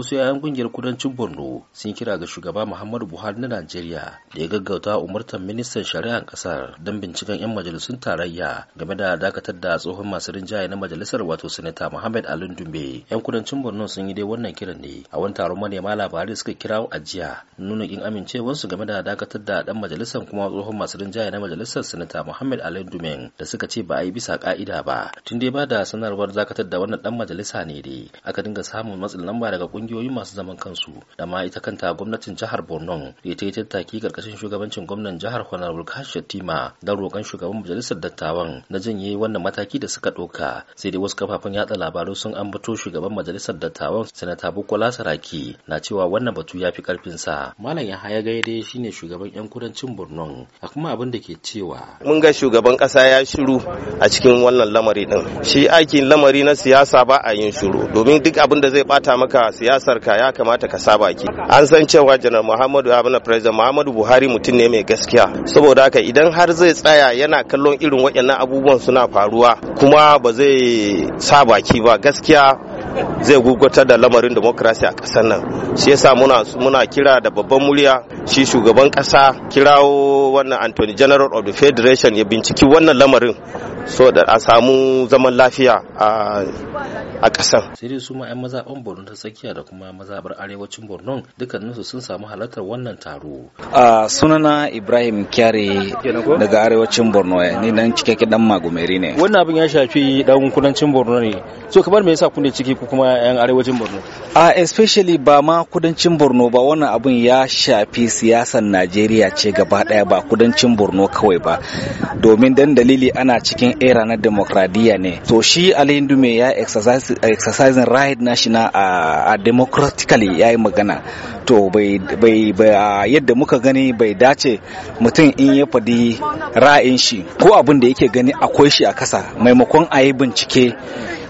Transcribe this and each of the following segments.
wasu 'ya'yan kungiyar kudancin borno sun kira ga shugaba muhammadu buhari na najeriya da ya gaggauta umartar ministan shari'ar kasar don binciken 'yan majalisun tarayya game da dakatar da tsohon masu rinjaye na majalisar wato sanata muhammad alun dumbe 'yan kudancin borno sun yi dai wannan kiran ne a wani taron manema labarai suka kirawo ajiya nuna kin amincewarsu game da dakatar da dan majalisar kuma tsohon masu rinjaye na majalisar sanata muhammad alun dumbe da suka ce ba a yi bisa ka'ida ba tun dai ba da sanarwar dakatar da wannan dan majalisa ne dai aka dinga samun matsin lamba daga kungiyar kungiyoyi masu zaman kansu da ma ita kanta gwamnatin jihar Borno da ta yi tattaki karkashin shugabancin gwamnan jihar Honorable Kashi Tima da roƙon shugaban majalisar dattawan na janye wannan mataki da suka ɗauka sai dai wasu kafafen yatsa labaru sun ambato shugaban majalisar dattawan Sanata Bukola Saraki na cewa wannan batu ya fi karfin sa. Malam Yahaya dai shine shugaban yan kudancin Borno a kuma abin da ke cewa mun ga shugaban kasa ya shiru a cikin wannan lamari din shi aikin lamari na siyasa ba a yin shiru domin duk abin da zai bata maka siyasa siyasar ka ya kamata ka saba ki an san cewa janar muhammadu abin president muhammadu buhari mutum ne mai gaskiya saboda haka idan har zai tsaya yana kallon irin waɗannan abubuwan suna faruwa kuma ba zai sa baki ba gaskiya zai gugutar da lamarin demokrasi a ƙasar nan shi yasa muna muna kira da babban murya shi shugaban ƙasa kirawo wannan Anthony General of the Federation ya binciki wannan lamarin so da a samu zaman lafiya a kasar Sai dai su ma 'yan mazaɓan Borno ta tsakiya da kuma mazaɓar arewacin Borno dukkaninsu sun samu halartar wannan taro. sunana Ibrahim Kyare daga arewacin Borno ni nan cikakki dan Magumeri ne. Wannan abin ya shafi dan kudancin Borno ne. So kamar me yasa kun ne ciki ko kuma 'yan arewacin Borno? A especially ba ma kudancin Borno ba wannan abin ya shafi siyasar najeriya ce gaba daya ba kudancin borno kawai ba domin dan dalili ana cikin era na demokradiyya ne to shi ali dume ya exercising right national a democratically ya yi magana to bai yadda muka gani bai dace mutum in ya faɗi ra'ayin shi ko abin da yake gani akwai shi a kasa maimakon a yi bincike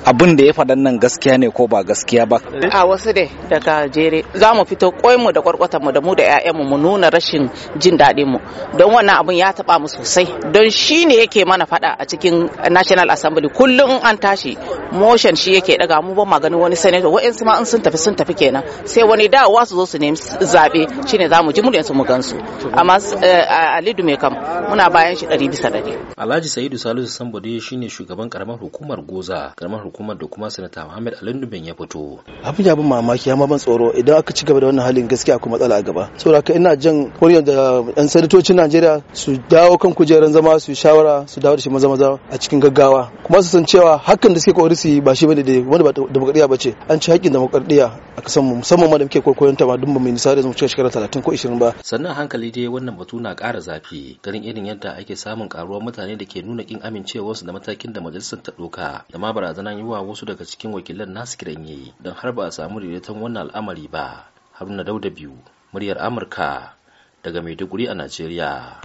abin da ya faɗan nan gaskiya ne ko ba gaskiya ba a wasu dai daga jere za mu fito koyonmu da kwarkwatanmu da mu da 'ya'yanmu mu nuna rashin jin daɗin mu don wannan abin ya taɓa mu sosai don shi ne yake mana faɗa a cikin National Assembly kullum an tashi motion shi yake daga mu ba magani wani senator wa'ansu ma in sun tafi sun tafi kenan sai wani dawowa su zo su nemi zaɓe shine za mu ji muryansu mu gansu amma eh, Alidu mai kam muna bayan shi ɗari bisa ɗari. Alhaji Sa'idu Salisu shi shine shugaban karamar hukumar Goza karamar hukumar da kuma sanata Muhammad Alindubin ya fito. Abin ya bin mamaki amma ban tsoro idan aka ci gaba da wannan halin gaskiya akwai matsala a gaba. Saboda ina jan kuryan da yan sanatocin Najeriya su dawo kan kujeran zama su shawara su dawo da shi maza maza a cikin gaggawa kuma su san cewa hakan da suke kokari su yi ba shi bane da wanda ba demokradiya ba ce an ci hakkin demokradiya a kasan mu musamman ma da muke koyon ta ma dun ba mu nisa da mu cika shekara 30 ko 20 ba. Sannan hankali dai wannan batu na ƙara zafi ganin irin yadda ake samun karuwar mutane da ke nuna kin su da matakin da majalisar ta ɗauka da ma barazanar yiwa wasu daga cikin wakilan nasu kiranye don har ba a samu daidaiton wannan al'amari ba haruna dauda biyu muryar amurka daga maiduguri a najeriya